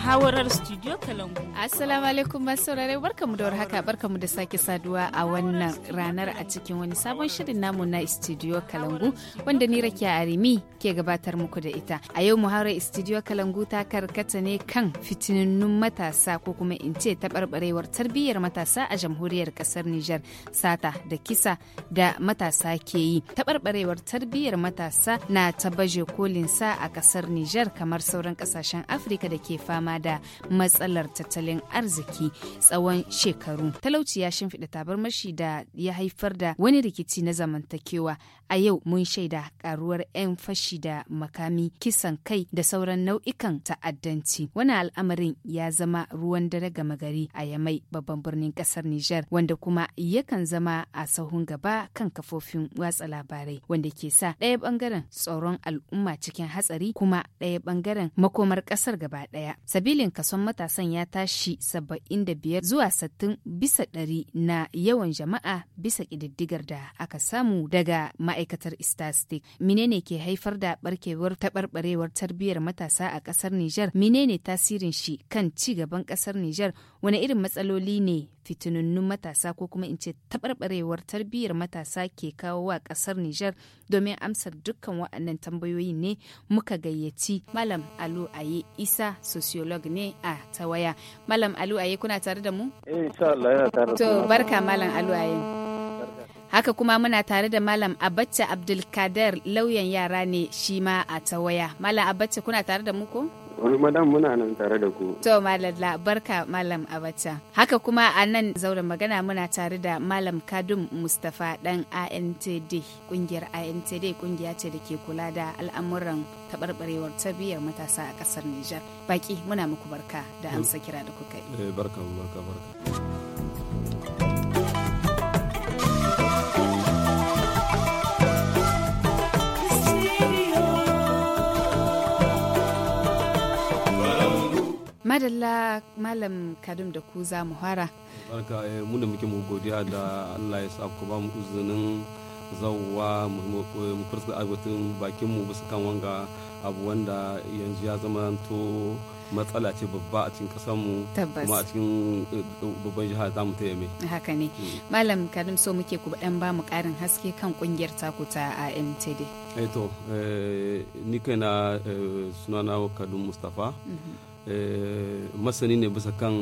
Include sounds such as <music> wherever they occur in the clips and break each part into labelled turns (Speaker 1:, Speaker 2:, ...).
Speaker 1: muhawarar studio kalangu assalamu alaikum masu saurare barkamu da warhaka barkamu da sake saduwa a wannan ranar a cikin wani sabon shirin namu na studio kalangu wanda ni rakiya arimi ke gabatar muku da ita a yau muhawarar studio kalangu ta karkata ne kan fitinannun matasa ko kuma in ce taɓarɓarewar tarbiyyar matasa a jamhuriyar ƙasar nijar sata da kisa da matasa ke yi taɓarɓarewar tarbiyyar matasa na ta baje kolin sa a ƙasar nijar kamar sauran ƙasashen afirka da ke fama fama da matsalar tattalin arziki tsawon shekaru talauci ya shimfiɗa tabarmashi da ya haifar da wani rikici na zamantakewa a yau mun shaida karuwar 'yan fashi da makami kisan kai da sauran nau'ikan ta'addanci Wani al'amarin ya zama ruwan dare gama gari a yamai babban birnin kasar Nijar wanda kuma yakan zama a sahun gaba kan kafofin watsa labarai wanda ke sa ɗaya bangaren tsoron al'umma cikin hatsari kuma ɗaya bangaren makomar ƙasar gaba ɗaya sabilin kason matasan ya tashi da biyar. zuwa 60 bisa ɗari na yawan jama'a bisa ƙididdigar da aka samu daga ma'aikatar istastik menene ke haifar da barkewar taɓarɓarewar tarbiyyar matasa a ƙasar nijar menene tasirin shi kan ci gaban ƙasar nijar wani irin matsaloli ne fitinunnun matasa ko kuma in ce taɓarɓarewar tarbiyyar matasa ke kawo wa ƙasar nijar domin amsar dukkan waɗannan tambayoyi ne muka gayyaci malam alo aye isa sociologist blog ne a ta waya malam alu aye kuna tare da mu
Speaker 2: eh, to barka malam alu
Speaker 1: haka kuma muna tare da malam abacha abdulkader lauyan yara ne shi ma a ta waya malam abacha kuna tare da mu ko
Speaker 3: madam muna nan tare da ku.
Speaker 1: To malalla barka malam abacha. Haka kuma a nan zauren magana muna tare da malam Kadum Mustapha dan ANTD kungiyar ANTD kungiya ce da ke kula da al'amuran tabarbarewar tabiyar matasa a ƙasar Nijar. Baki muna muku barka da amsa kira da kuka yi.
Speaker 4: Eh, barka barka barka.
Speaker 1: madalla malam kadum da ku za mu fara
Speaker 4: barka eh, mu da muke mu godiya da allah ya sa ku ba mu izinin zauwa mu kursa agwatin bakin mu bisa kan wanga abu wanda yanzu ya zama to matsala ce babba a cikin kasanmu kuma a cikin eh, babban jiha za mu taya mai
Speaker 1: haka ne mm. malam Kadum so muke ku dan ba mu karin haske kan kungiyar taku ta amtd
Speaker 4: eh to eh, ni kaina sunana kadum mustafa mm -hmm. Eh, masani ne bisa kan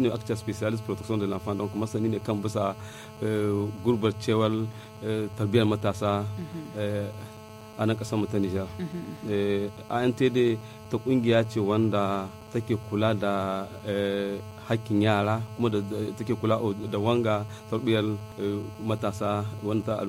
Speaker 4: ne actor specialist protection de l'enfant donc masani ne kan bisa eh, gurbacewar eh, tarbiyyar matasa mhm. a nan kasar mu ta Nijar. Mhm. ANTD ta kungiya ce wanda take kula da hakkin yara kuma da take kula da wanga tarbiyar eh, matasa wanta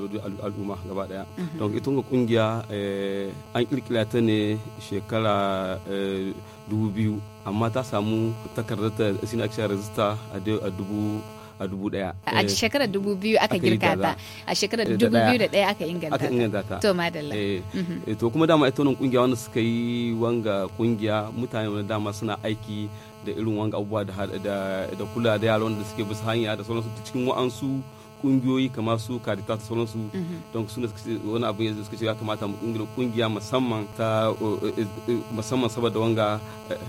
Speaker 4: al'umma gaba daya mhm. don ita ga kungiya eh, an kirkira ta ne shekara eh, dubu biyu amma ta samu takardar ta sinakshiyar rajista a dubu a dubu daya. A shekarar
Speaker 1: dubu biyu aka girka ta, a shekarar dubu biyu da daya aka inganta ta. Aka
Speaker 4: inganta ta. To madalla. Mhm. To kuma dama ita wannan kungiya wanda suka yi wanga kungiya mutane wanda dama suna aiki da irin wanga abubuwa da da, kula da yaran da suke bisa hanya da sauransu cikin wa'ansu kungiyoyi kamar su karita ta sauransu mhm. don su ne wani abu yanzu suka ce ya kamata mu kungiyar kungiya musamman ta e, e, e, musamman saboda wanga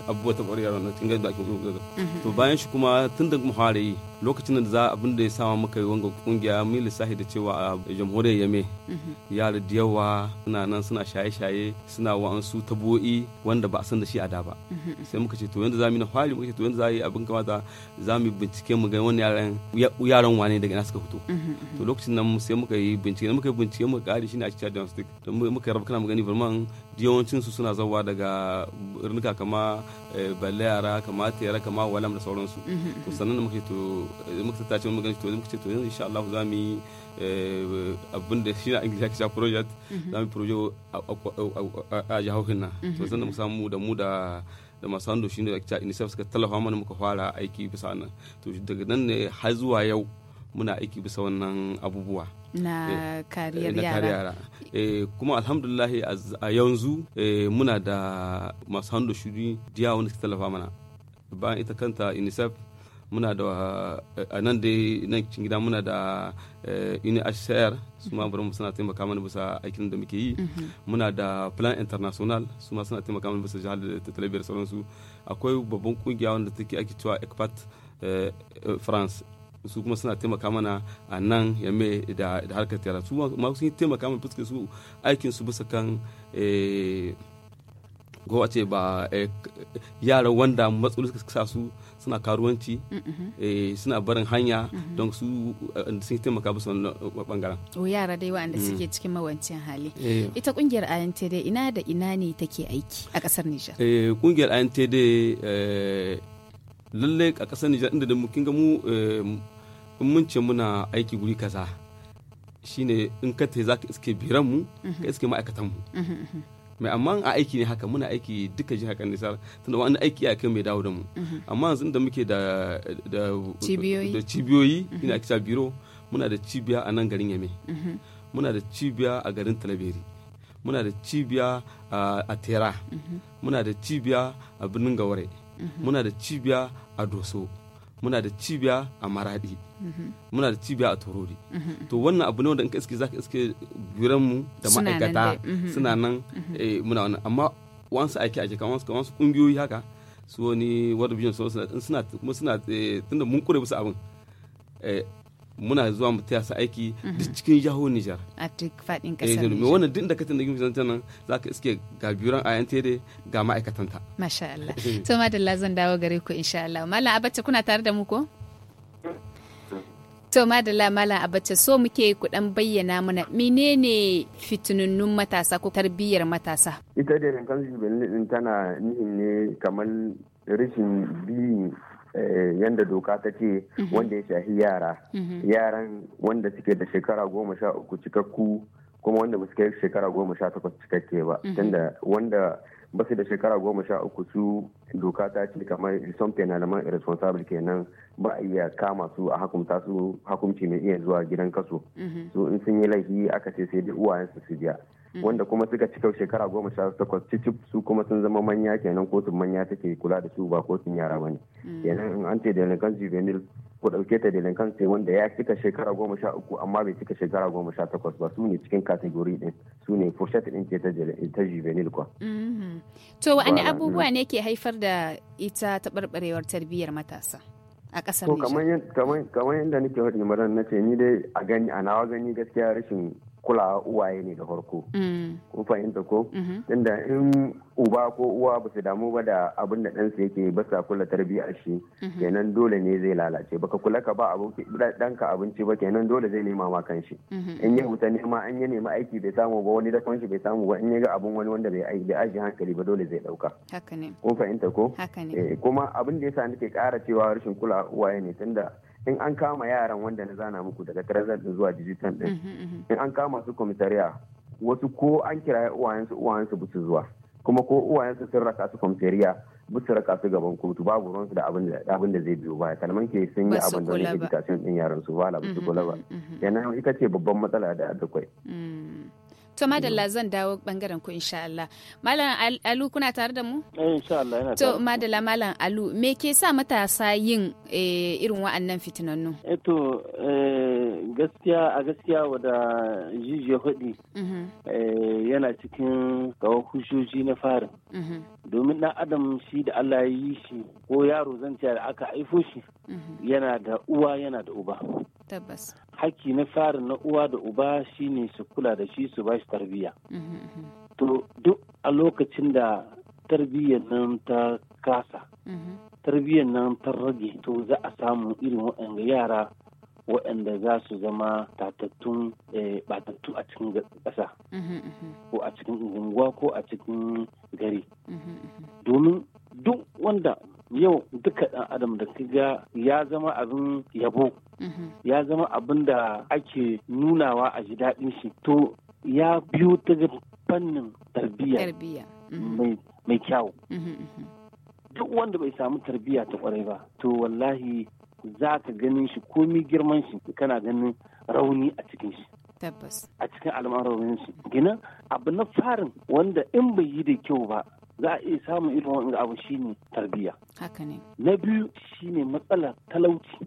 Speaker 4: abubuwa ta kwarewa na cikin da ake mhm. to bayan shi kuma tun da muhare lokacin da za abin da ya sama muka yi wanga kungiya mun lissafi da cewa a jamhuriyar yame mhm. yara da yawa suna nan suna shaye-shaye suna wa'ansu tabo'i wanda ba a san da shi a da ba mhm. sai muka ce to yanda za mu na fari muka ce to yanda za yi abin kamata za mu bincike mu ga wani yaran yaran wane daga ina suka fito mhm, to lokacin nan sai muka yi bincike muka yi bincike muka kare shi ne a cikin diagnostic to muka rabu kana gani verman yawancinsu suna zauwa daga birnika kama eh, balayara kama tera kama walam da sauransu mm-hmm. to sannan muka to muka tattace mun to muka ce to yanzu insha Allah za mu eh, abin da shi na English ya project mm-hmm. za mu project a jihohin nan to mm-hmm. sannan mu samu da mu da da masu hando shi ne da inisaf suka tallafa mana muka fara aiki bisa nan to daga nan ne har zuwa yau muna aiki bisa wannan abubuwa Eh, na
Speaker 1: kariyar yara
Speaker 4: e, kuma alhamdulillahi a yanzu e, muna da masu hando shuri diya wanda suke tallafa mana bayan ita kanta unicef muna da a nan dai nan cikin gida muna da unhcr su ma bari suna taimaka mana bisa aikin da muke yi mhm. muna da plan international su ma suna taimaka mana bisa jihar da talabiyar sauransu akwai babban kungiya wanda take ake cewa ecpat france su kuma suna taimaka mana a nan me da harkar tara su ma sun taimaka mana fuskar su aikin su bisa kan eh, ko a ce ba eh, yara wanda matsaloli suka sa su suna karuwanci mm-hmm. eh, suna barin hanya mm-hmm. don su sun taimaka bisa bangaren.
Speaker 1: o yara dai wa'anda mm. suke cikin mawancin hali ita kungiyar INTD ina da ina ne take aiki a kasar Nijar.
Speaker 4: kungiyar INTD lallai a kasar Nijar inda da mu kinga mu in mun ce muna aiki guri kaza shine in ka te za ka iske biran mu ka mhm. iske ma'aikatan mu mhm, mhm, mai amma a aiki ne haka muna aiki duka jin kan nisa tunda wani aiki a kai mai dawo da mu amma yanzu da muke da cibiyoyi ina kita biro muna da cibiya a nan garin yame muna da cibiya a garin talabiri muna da cibiya a tera muna da cibiya a birnin gaware muna da cibiya a doso muna da cibiya a maradi mhm. muna da cibiya a torori mhm. to wannan abu ne wanda in ka iske ka iske mu da ma'aikata suna nan mhm. eh, muna wannan amma wansu aiki ake kan wasu wasu kungiyoyi haka su wani world vision suna suna eh, tunda mun kure musu abin eh, muna zuwa mu taya su aiki mhm. duk cikin yaho Nijar.
Speaker 1: A duk faɗin eh, ƙasar Nijar. Me
Speaker 4: wannan duk da katin da gimi zanta nan za ka iske ga biyuran a yanta da ga ma'aikatanta.
Speaker 1: Masha Allah. <laughs> Eh. To madalla zan dawo gare ku insha Allah. Malam Abacha kuna tare da mu ko? To madalla malam Abacha so muke ku dan bayyana mana menene fitinunnun matasa ko tarbiyyar matasa?
Speaker 3: Ita da kan jubilin tana nihin ne kamar rashin biyin Eh, yanda doka ta ce mhm. wanda ya shahi yara
Speaker 5: mhm. yaran
Speaker 3: wanda suke da shekara goma sha uku cikakku kuma wanda ba su kai shekara goma sha takwas cikakke ba mhm. tunda wanda ba su da shekara goma sha uku su doka ta ce kamar son penalaman irresponsible kenan ba a iya kama su a hakumta su hakumci mai iya zuwa gidan kaso su in sun yi laifi aka ce sai da uwayen su biya Mm. wanda kuma suka cika shekara goma sha takwas cicip su kuma sun zama manya kenan kotun manya take kula da su ba kotun yara ba ne mm. kenan in an ce delinkan juvenil ko dauke ta delinkan sai wanda ya cika shekara goma sha uku amma bai cika shekara goma sha takwas ba su ne cikin kategori din su ne furshata din ce ta juvenil kwa.
Speaker 1: Mm-hmm. to wani abubuwa mm. ne ke haifar da ita taɓarɓarewar tarbiyyar matasa? a kasar
Speaker 3: Kamar yadda nake hudu maran na ce ni dai a gani a nawa gani gaskiya rashin kulawa uwaye ne da farko mm. kun fahimta ko mm-hmm. tunda in uba ko uwa ba su damu ba da abin da ɗansa yake ba sa kula tarbiyyar shi mm-hmm. kenan dole ne zai lalace baka kula ka ba ɗanka abinci ba kenan dole zai nema ma kanshi mm-hmm. in ya wuta nema an ya nema aiki bai samu ba wani dakon shi bai samu ba in ya ga abin wani wanda bai aiki bai aji hankali ba dole zai ɗauka kun fahimta ko eh, kuma abin da ya sa nake ƙara cewa rashin kula uwaye ne tunda in an kama yaran wanda na zana muku daga trezor din zuwa digital din mhm, mhm. in an kama su komisariya wasu ko an kira uwayensu uwayensu bisu zuwa kuma ko uwayensu sun raka su komisariya bisu raka su gaban kotu babu ruwansu da abin da zai biyo baya kalman ke sun yi abin da wani education din yaran su bala bisu mhm, kula ba yana ita ce babban matsala da akwai.
Speaker 1: To madalla zan dawo bangaren ku insha Allah. Malam Alu kuna tare da mu?
Speaker 2: Eh insha Allah yana tare. To
Speaker 1: madalla Malam Alu me ke sa matasa yin eh, irin wa'annan fitinannu?
Speaker 2: Eh to eh gaskiya a gaskiya wada jijiya hudi mm-hmm. eh, yana cikin kawo hushoshi na farin mm-hmm. domin ɗan adam shi da Allah ya yi shi ko yaro zan da aka haifo shi mm-hmm. yana da uwa yana da uba tabbas haki na farin na uwa da uba shine su kula da shi su ba shi tarbiyya to duk a lokacin da tarbiyyar nan ta kasa tarbiyyar nan ta rage to za a samu irin waɗanda yara waɗanda za su zama tatattun eh, batattu a cikin ƙasa
Speaker 5: mhm, mhm.
Speaker 2: ko a cikin unguwa ko a cikin gari mhm, domin duk wanda yau duka ɗan adam da kiga ya zama abin yabo ya zama abin da ake nunawa a ji daɗin shi to ya biyo ta fannin tarbiyya mai kyau duk wanda bai samu tarbiyya ta kwarai ba to wallahi za ka ganin shi komi girman shi kana ganin rauni a cikin shi tabbas a cikin al'amuran shi gina abu na farin wanda in bai yi da kyau ba za a iya samun irin wani abu shine tarbiyya haka ne na biyu shine matsalar talauci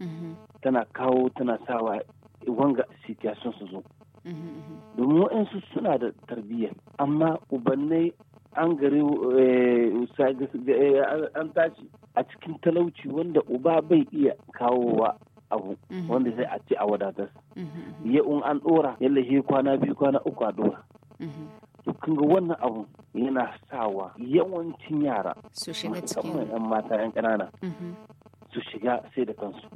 Speaker 2: mm-hmm. tana kawo tana sawa wanga situation su zo mm-hmm, mm-hmm. domin waɗansu suna da tarbiyya amma ubannai an gari eh, eh, an tashi a cikin talauci wanda uba bai iya kawowa abu mhm. wanda sai a ce a wadatar mhm. ya un an dora yalla shi kwana biyu kwana uku a dora mhm. kun ga wannan abu yana sawa yawancin yara su shiga cikin yan mata yan kanana su shiga sai da kansu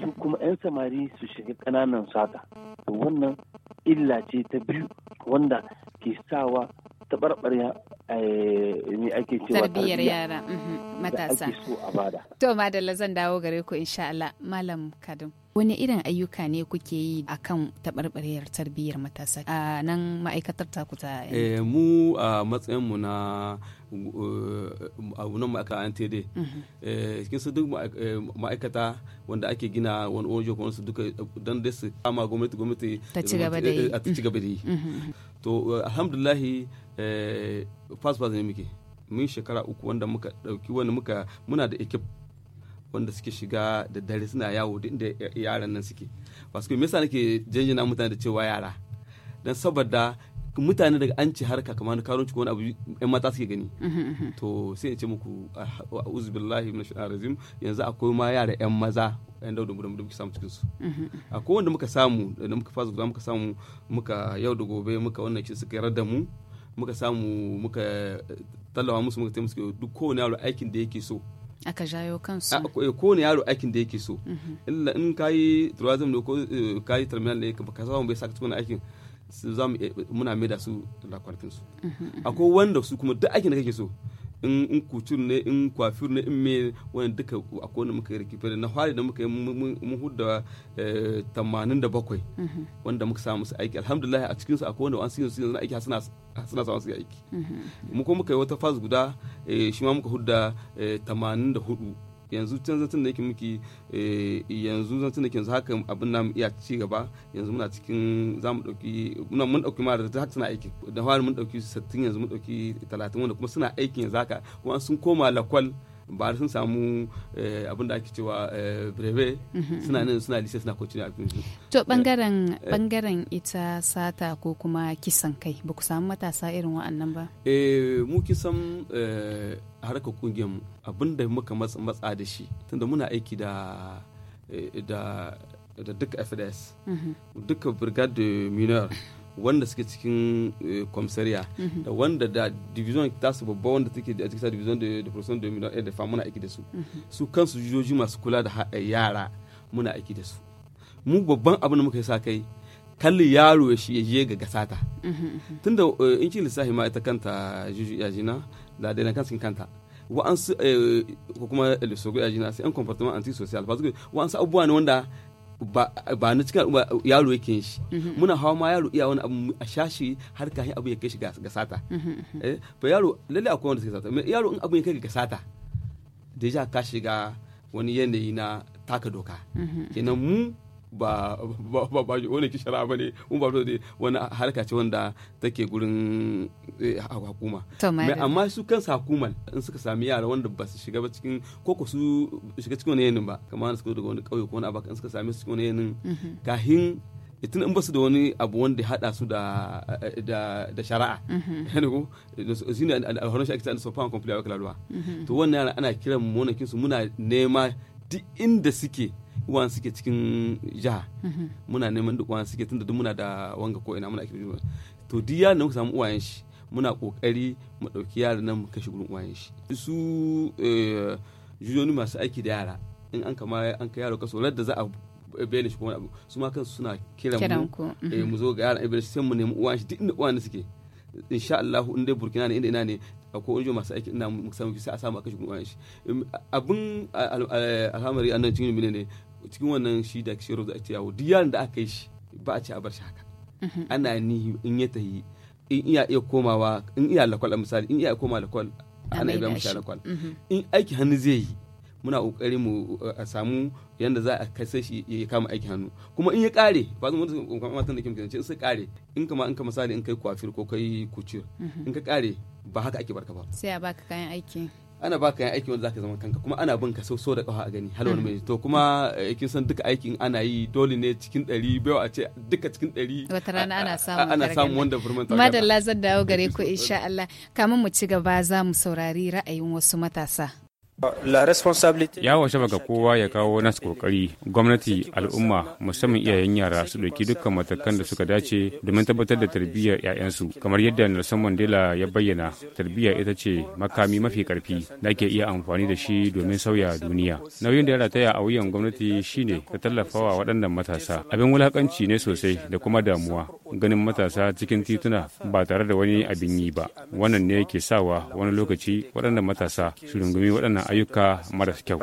Speaker 2: su kuma 'yan samari su shiga kananan sata to wannan illa ce ta biyu wanda ke sawa taɓarɓarya
Speaker 1: eh, ne ake cewa tarbiyyar yara mhm, matasa to madalla zan dawo gare ku insha Allah malam kadum wani irin ayyuka ne kuke yi akan taɓarɓarewar tarbiyyar matasa a nan ma'aikatar taku ta eh
Speaker 4: mu a matsayin mu na eh, abunan ma'aikata td cikin su duk eh, ma'aikata wanda ake gina wani ojo kuma su duka don dai su kama gwamnati gwamnati a ci gaba da yi mhm, mhm. to alhamdulahi Eh, fasfas ne muke mun shekara uku wanda muka dauki wani muka muna da ekip wanda suke shiga da dare suna yawo duk da yaran nan suke wasu me yasa nake janjina mutane da cewa yara dan saboda mutane daga an ci harka kamar karon ko wani abu yan mata suke gani <laughs> to sai in ce muku a'udhu billahi minash rajim yanzu akwai ma yara yan maza yan daudu da muke samu cikin su <laughs> akwai wanda muka samu da muka fasa guda muka samu muka yau da gobe muka wannan kin suka yarda mu muka samu muka eh, tallawa musu muka taimaka duk kowane yaro aikin da yake so
Speaker 1: aka jayo kansu a
Speaker 4: eh, kowane yaro aikin da yake so illa mhm. in kai tourism ne ko eh, kai terminal ne ka samu bai saka tukuna aikin za mu muna mai da su da su mhm, mhm. akwai wanda su kuma duk aikin da kake so in kucur ne in kwafir ne in me wani duka akwai wanda muka yi rikifar na fari da muka yi mun hudda eh, tamanin da bakwai mhm. wanda muka samu su aiki alhamdulillah a cikinsu akwai wanda wani sinyo sinyo na aiki suna suna samu su aiki mhm. mu kuma muka yi wata fas guda eh, shi ma muka hudda eh, tamanin da hudu yanzu can zancen da yake muke eh, yanzu zancen da yanzu haka abin namu iya ci gaba yanzu muna cikin za mu ɗauki muna mun ɗauki mara da haka suna aiki da fari mun ɗauki 60 yanzu mun ɗauki 30 wanda kuma suna aikin yanzu haka kuma sun koma lakwal ba sun samu eh, abin da ake cewa eh, breve mhm. suna nan suna lise suna kwanci a su
Speaker 1: to bangaren eh. ita sata ko kuma kisan kai ba ku samu matasa irin wa'annan ba
Speaker 4: eh mu kisan harkar kungiyar mu abin da muka matsa da shi tunda muna aiki da da duk duka fds mhm. duka brigade mineur. wanda suke cikin komisariya eh, mhm. da wanda da division ta su babba wanda take a cikin division da profession dominant da fa muna aiki da su mhm. su kansu jujoji masu kula da eh, yara muna aiki da su mu babban abin da muka yi sa kai kalli yaro ya je ga gasata mhm, tunda eh, in ki lissafi ma ita kanta juju yajina da daina kansu kanta wa'ansu ko kuma ya jina sai an comportement antisocial ba su wa'ansu abubuwa ne wanda ba na cikin al'umma yaro yake yin shi mhm. muna hawa ma yaro iya wani abu a shashi har kahin abu ya kai shi ga sata ba mhm, mhm, eh, yaro lalle akwai wanda suke sata yaro in abu ya kai ga sata da deja ka shiga wani yanayi na taka doka kenan mu ba ba ba wani ki shara ne mun ba da wani harka ce wanda take gurin eh, hukuma amma su sa hukumar in suka sami yara wanda ba su shiga ba cikin koko su shiga cikin wani ba kamar su daga wani kauye ko wani abaka in suka sami su cikin wani yanin mm-hmm. kahin eh, tun in basu da wani abu wanda ya hada su eh, da da shari'a yana mm-hmm. <laughs> ko shi ne shi ake tsaye da sofan kwamfila wa kalaluwa to wannan ana kiran monakin su muna nema duk inda suke uwan suke cikin jiha mhm. muna neman duk uwan suke tunda duk muna da wanga ko ina muna akibin to duk yaran da muka samu uwayen shi muna kokari mu dauki yaran nan mu kashe gurin uwayen shi su eh, jujoni masu aiki da yara in an kama an kai yaro kaso da za a bene shi ko wani abu su ma kansu suna kiran mu mhm. eh, mu zo ga yaran ibn sai mu nemi uwan shi duk inda uwan suke insha Allah in dai Burkina ne inda ina ne akwai wani masu aiki ina samu sai a samu a kashe gurin uwan shi abun alhamari annan cikin mene ne cikin wannan shi da shi da ake yawo duk yaran da aka yi shi ba a ce a bar shi haka mhm. ana nihi in ya tahi in iya iya komawa in iya lakwal a misali in iya koma lakwal ana iya mishi lakwal mhm. in aiki hannu zai yi muna kokari mu a samu yanda za a kai shi ya kama aiki hannu kuma in ya kare ba zan mutum kuma matan da kimkin ce sai kare in kama in ka misali in kai kwafir ko kai kucir mhm. in ka kare ba haka ake barka ba
Speaker 1: sai a baka kayan aiki ana baka yan aiki
Speaker 4: wanda zaka zama kanka kuma ana bin ka so so da kafa a gani hal wani mm. mai to kuma eh, kin san duka aikin ana yi dole ne cikin ɗari bai a ce duka cikin
Speaker 1: ɗari wata rana ana samun ana samu wanda burman tsaka madalla zan dawo gare ku <laughs> insha Allah kamin mu ci gaba za mu saurari ra'ayin wasu matasa
Speaker 3: Ya washe ga kowa ya kawo nasu kokari gwamnati al'umma musamman iyayen yara su ɗauki dukkan matakan da suka dace domin tabbatar da tarbiyyar 'ya'yansu kamar yadda Nelson Mandela ya bayyana tarbiyya ita ce makami mafi karfi da ke iya amfani da shi domin sauya duniya nauyin da ya rataya a wuyan gwamnati shine ta tallafawa waɗannan matasa abin wulakanci ne sosai da kuma damuwa ganin matasa cikin tituna ba tare da wani abin yi ba wannan ne ke sawa wani lokaci waɗannan matasa su rungumi waɗannan ayyuka maras kyau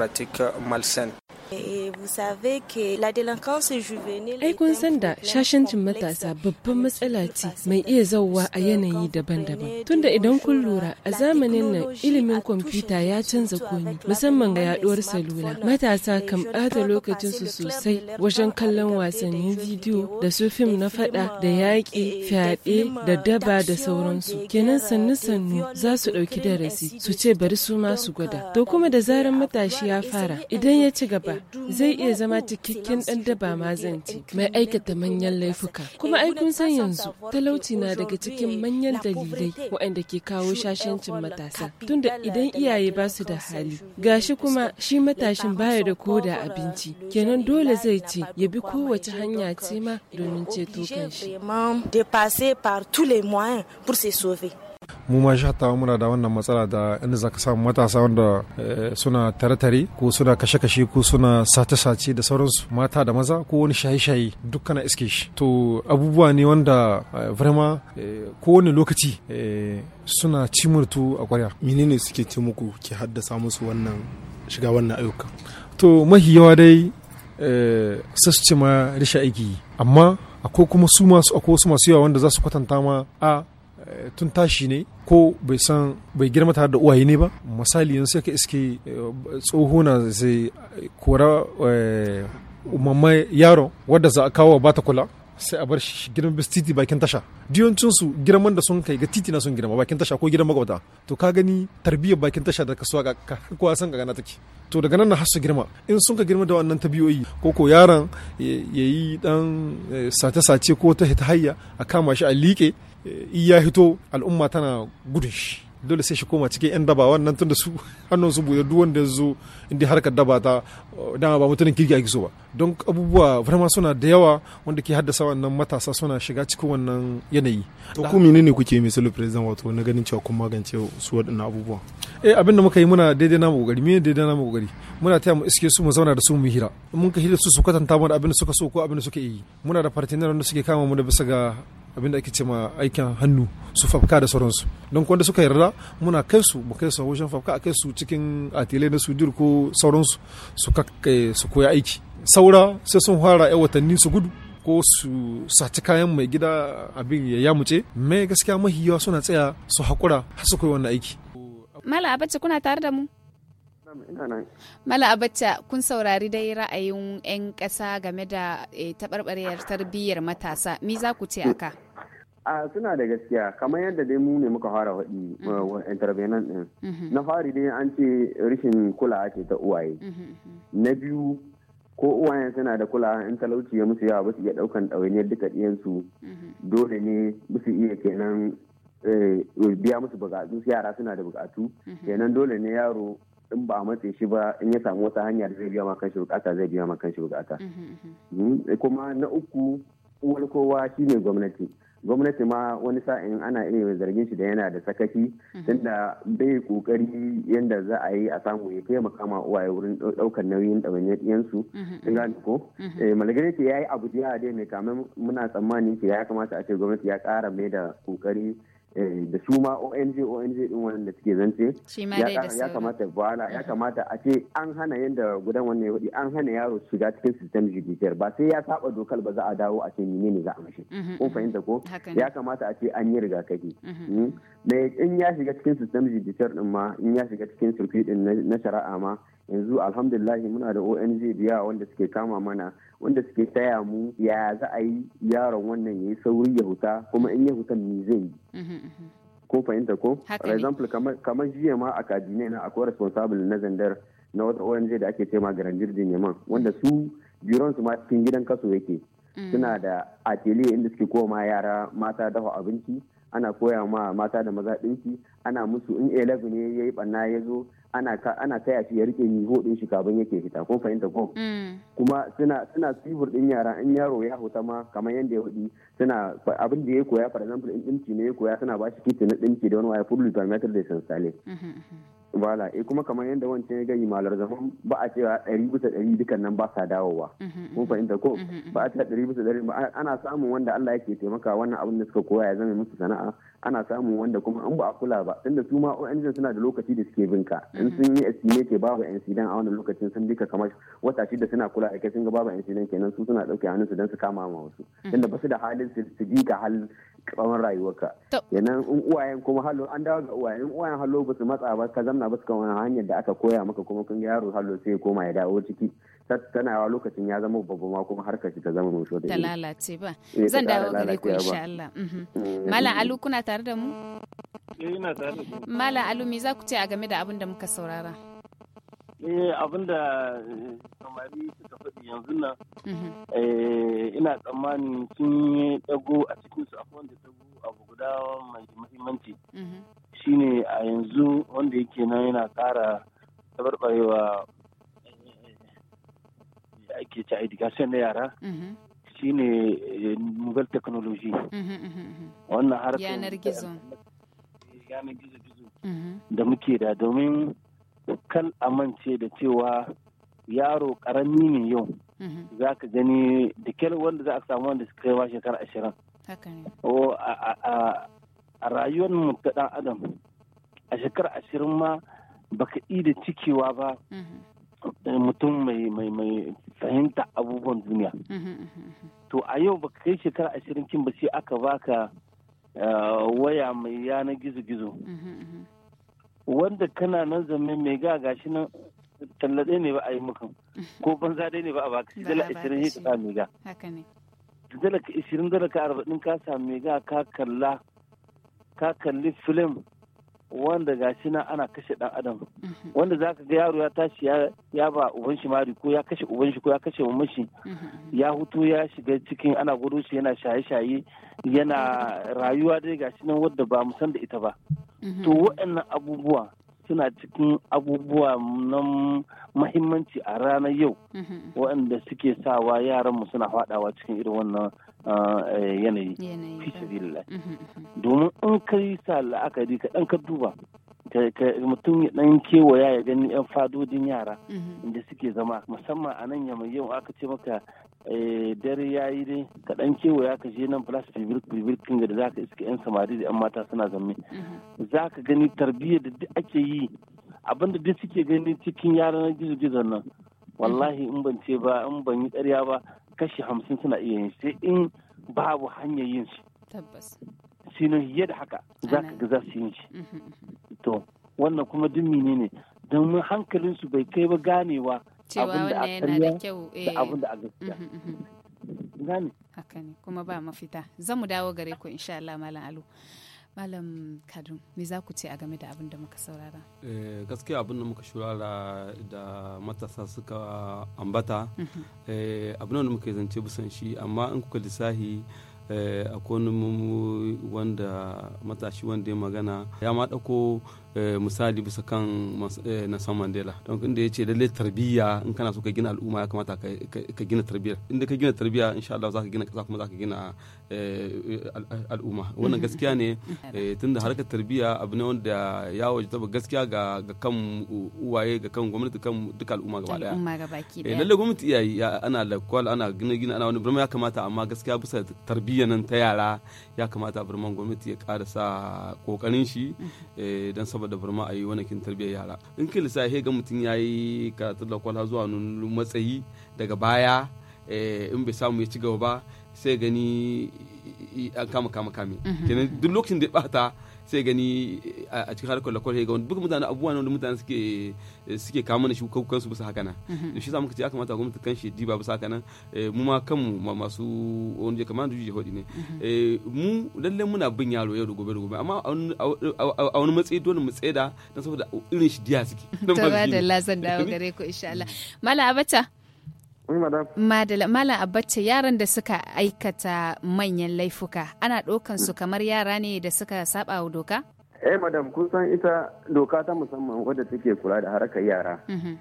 Speaker 1: Ai kun sanda cin matasa babban matsala ce mai iya zauwa a yanayi daban-daban. Tunda idan kun lura a zamanin nan ilimin kwamfuta ya canza komi musamman ga yaduwar salula. Matasa kan ɓata lokacinsu sosai wajen kallon wasannin bidiyo da su fim na fada da euh, yaƙi, fyaɗe da euh, daba da sauransu. Kenan sannu-sannu za su ɗauki darasi su ce bari su ma su gwada. Euh, to kuma da zaran matashi ya fara idan ya ci gaba zai iya zama cikakken ɗan daba ma zanci mai aikata manyan laifuka. Kuma ai kun san yanzu talauci na daga cikin manyan dalilai waɗanda ke kawo shashancin matasa. Tunda idan iyaye ba su da hali, gashi kuma shi matashin baya da koda abinci. Kenan dole zai ce ya bi kowace hanya ce ma domin ceto kanshi.
Speaker 6: mu ma sha muna da wannan matsala da inda zaka samu matasa wanda eh, suna tare-tare ko suna kashe-kashe ko suna sace-sace da sauransu mata da maza ko wani shaye-shaye dukkan iske shi to abubuwa ne wanda eh, vraiment eh, kowane lokaci suna ci murtu a kwarya menene suke ci muku ke haddasa musu wannan shiga wannan ayyuka to mahi yawa dai sai ce ma rishe aiki amma akwai kuma su masu akwai wasu masu yawa wanda za su kwatanta ma a Eh, tun tashi ne ko bai san bai girma tare da uwaye ne ba misali yanzu sai ka iske eh, tsoho na zai kora eh, mamman yaro wadda za a kawo ba ta kula sai a bar shi Girma bis titi bakin tasha diyoncin su girman da sun kai ga titi na sun girma bakin tasha ko girma magwata to ka gani tarbiyyar bakin tasha da kasuwa ga kowa san gana take to daga nan na hasu girma in sun ka girma da wannan tabiyoyi ko ko yaron yayi dan sace-sace ko ta haya a kama shi a liƙe Eh, ya hito al'umma tana gudun shi dole sai shi koma cikin 'yan daba wannan tun da su hannun su buɗe duk wanda ya zo inda harkar daba ta dama ba mutanen kirki ake so ba don abubuwa vraiment suna da yawa wanda ke haddasa wannan matasa suna shiga cikin wannan yanayi to ku menene kuke misali president wato na ganin cewa kun magance su waɗannan abubuwa eh abin da muka yi muna daidai namu kokari mene daidai namu kokari muna taya mu iske su mu zauna da su mu hira mun ka hira su su kwatanta da abin da suka so ko abin da suka yi muna da partner wanda suke kama mu da bisa ga abin da ake cewa aikin hannu su fafka da sauransu don kwanda suka yarda muna kai su mu kai su wajen fafka a kai su cikin atile na sudur ko sauransu su ka su koya aiki saura sai sun fara 'yan watanni su gudu ko su saci kayan mai gida abin ya yamuce me gaskiya mahiyawa suna tsaya su haƙura har su koya wannan aiki
Speaker 1: mala abacce kuna tare da mu mala abacce kun saurari dai ra'ayin 'yan ƙasa game da eh, taɓarɓarewar tarbiyyar matasa me za ku ce aka
Speaker 3: a suna da gaskiya kamar yadda dai mu ne muka fara faɗi mm-hmm. uh, intervenant ɗin mm-hmm. na fari dai an ce rashin kulawa ce ta uwaye mm-hmm, na biyu ko uwayen suna da kulawa in talauci ya musu yawa basu iya ɗaukan ɗawainiyar duka ɗiyansu dole ne musu iya kenan eh, biya musu bukatu yara suna da bukatu kenan dole ne yaro in ba a matse shi ba in ya samu wata hanya da zai biya ma kanshi bukata zai biya ma kanshi bukata hmm, kuma na uku uwar kowa shine gwamnati gwamnati ma wani sa'in ana iya zargin shi da yana da sakaki mhm. tunda bai kokari yadda za a yi a samu ya kai makama uwaye wurin daukar nauyin ɗawainiyarsu sun mhm. gani ko mhm. eh, malagareti ya yi abu jiya ya dai mai kamar muna tsammanin ya kamata a ce gwamnati ya kara mai da kokari Eh, da su ma ONG ONG din wanda suke zance ya kamata bala ya kamata a ce an hana yadda gudan wannan yaudi an hana yaro shiga cikin sistem judiciary ba sai ya saba dokar ba za a dawo a ce ne za a mashi mhm, kun mhm. fahimta ko ya kamata a ce an yi rigakafi mhm. hmm? in ya shiga cikin sistem judiciary din ma in ya shiga cikin circuit din na shari'a ma yanzu alhamdulillahi muna da ONG biya wanda suke kama mana wanda suke taya mu ya za a yi yaron wannan ya yi sauri ya huta kuma in ya huta me zai yi ko fahimta ko for example kamar jiya ma a kadine na akwai responsible na zandar na wata ONG da ake cema ya Neman wanda su biron su ma cikin gidan kaso yake mm. suna da atelier inda suke koma yara mata dafa abinci ana koya ma mata da maza ɗinki ana musu in 11 ne ya yi ɓanna ya zo ana ana taya shi ya rike nivo din shi kafin yake fita ko fahimta ko mm. kuma suna suna sibur din yara in yaro ya huta ma kamar yanda ya hudi suna abin da ya koya for example in dinki ne ya koya suna ba shi kiti na dinki da wani waya full parameter da sansale
Speaker 5: mm-hmm, mm-hmm.
Speaker 3: wala eh kuma kamar yadda wancan ya gani malar zaman ba a cewa ɗari bisa ɗari dukan nan ba sa dawowa mun mm-hmm, fahimta ko mm-hmm, mm-hmm. ba a cewa ɗari bisa ɗari ana samun wanda Allah yake taimaka wannan abin da suka koya ya zama musu sana'a ana samun wanda kuma an ba a kula ba tunda su ma ONG suna da lokaci da suke binka in sun yi ke babu sidan a wannan lokacin sun bika kamar wata da suna kula da kai sun ga babu sidan kenan su suna ɗauke hannun su don su kama ma wasu tunda ba su da halin su bika halin tsawon rayuwarka kenan in uwayen kuma hallo an dawo ga uwayen uwayen hallo ba su matsa ba ka zamna ba su kan hanyar da aka koya maka kuma kun yaro hallo sai koma ya dawo ciki tattanawa lokacin ya zama babba ma kuma harka harkar ta zama mai da ta
Speaker 1: lalace ba eh, zan dawo gare ku insha Allah mhm.
Speaker 2: mm, malam alu
Speaker 1: kuna tare da mu
Speaker 2: eh ina tare da
Speaker 1: malam alu me za ku ce a game da abin da muka saurara
Speaker 2: eh abin da eh, samari suka faɗi yanzu nan mhm. eh, ina tsammanin sun yi ɗago a cikin su akwai wanda ɗago abu guda mai muhimmanci mhm. shine a yanzu wanda yake nan yana ƙara tabarbarewa da eh, ake ci education na yara mhm. shine mobile technology wannan harkar yanar gizo gizo da muke da domin kal amince da cewa yaro karami ne yau mhm. za ka gani da kyar wanda za a samu wanda suka yi wa shekara ashirin a rayuwar mu ta dan adam a shekara ashirin ma baka da cikewa ba mhm. mutum mai mai mai fahimta abubuwan duniya mhm, to a yau baka kai shekara ashirin kin ba sai aka baka eh, waya mai yanar gizo-gizo wanda kana nan zamme mai ga gashi nan tallade ne ba a yi mukan ko banza dai ne ba a baka shi dala 20 ne ka mai ga dala 20 dala ka arba'in ka sami ga ka kalla ka kalli film wanda ga shi nan ana kashe dan adam mhm. wanda za ka ga yaro ya tashi ya ba uban shi mari ko ya kashe uban shi ko ya kashe mamman shi mhm. ya hutu ya shiga cikin ana gudu shi yana shaye-shaye yana rayuwa dai ga shi nan wadda ba mu san da ita ba
Speaker 5: mhm. to waɗannan
Speaker 2: abubuwa suna cikin abubuwa na mahimmanci a ranar yau waɗanda suke sawa yaran mu suna faɗawa cikin irin wannan Eh, yanayi fi sabilillah eh.
Speaker 5: mhm, mhm.
Speaker 2: domin in ka yi sa la'akari ka dan ka duba mutum ya dan kewaya ya gani yan fadodin yara mhm. inda suke zama musamman a nan yamma yau aka ce maka eh, dare ya yi dai ka dan kewaya ka je nan plus bibirkin da za ka iska yan samari da yan mata suna zamme za ka gani tarbiyyar da duk ake yi abinda duk suke gani cikin yaran gizo-gizon nan wallahi in ban ce ba in ban yi ƙarya ba kashi hamsin suna iya yin sai in babu hanyar yin shi tabbas sino hiye da haka za ka ga za su yin shi
Speaker 1: mhm, mhm, mhm.
Speaker 2: to wannan kuma duk ne don hankalin su bai kai ba ganewa abin da a
Speaker 1: karya da eh. abin da a gaskiya gane haka ne kuma ba mafita zamu dawo gare ku insha Allah malam alu malam kadun me za ku ce a game da abin da muka saurara
Speaker 4: eh, gaskiya abin da muka saurara da matasa suka ambata mhm. eh, abin da muka zance busan shi amma in kuka lissahi eh, akwai wanda matashi wanda ya magana ya ma dauko Eh, misali bisa kan eh, Nelson Mandela don inda ya ce lalle tarbiyya in kana so ka gina al'umma ya kamata ka gina tarbiyya inda ka gina tarbiyya insha Allah za ka gina kasa kuma za ka gina eh, al'umma wannan mhm. gaskiya ne <laughs> tunda harkar tarbiyya abu ne wanda ya waje taba gaskiya ga kan uwaye ga kan gwamnati kan duka al'umma gaba daya lalle gwamnati iyayi ana lakwal ana gina gina ana wani burma ya kamata amma gaskiya bisa tarbiyya nan ta yara ya kamata burman gwamnati ya karasa kokarin shi mhm. don saboda burma a yi wani kin tarbiyyar yara in kin lissafi ga mutum ya yi karatun da har zuwa nun matsayi daga baya eh, in bai samu ya ci gaba ba sai gani eh, an kama kama kame mm-hmm. kenan duk lokacin da ya bata sai gani a cikin harkar lakwal ga wani duk mutane abubuwa wanda mutane suke suke kama na shukukan su bisa haka nan mhm. shi za mu ce ya kamata gwamnati kan shi diba bisa haka nan eh, mu ma kanmu masu wani je kamar juji hodi ne mhm. eh, mu lallai muna bin yaro yau da gobe da gobe amma a wani matsayi dole mu tsaida don saboda irin shi diya suke. <laughs> Tabar da dawo gare
Speaker 1: ku insha Allah. Mala Abacha. Malam Abacha yaran da suka aikata manyan laifuka ana ɗaukan su kamar yara ne da suka saba wa doka?
Speaker 3: Eh madam kun san ita doka ta musamman wadda take kula da harkar yara. Mhm.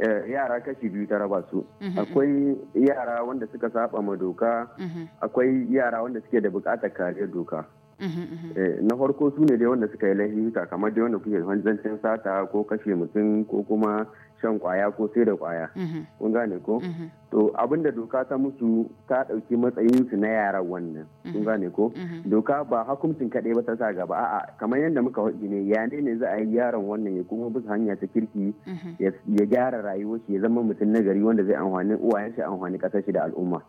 Speaker 3: Eh, yara kashi biyu ta raba su. Mhm. Akwai yara wanda suka saba ma doka, mhm. akwai yara wanda suke da bukatar kariyar doka.
Speaker 5: Eh,
Speaker 3: na farko su ne dai wanda suka yi laifuka kamar dai wanda kuke zancen sata ko kashe mutum ko kuma shan kwaya ko sai da kwaya mhm. kun gane ko mhm. to da doka ta musu ta ɗauki matsayinsu na yaran wannan kun mhm. gane ko doka ba hukuncin kaɗai ba ta sa gaba a'a kamar yadda muka faɗi ne ya ne ne za a yi yaron wannan ya kuma bisa hanya ta kirki ya gyara rayuwar shi ya zama mutum na gari wanda zai amfani uwayen shi amfani ƙasar shi da al'umma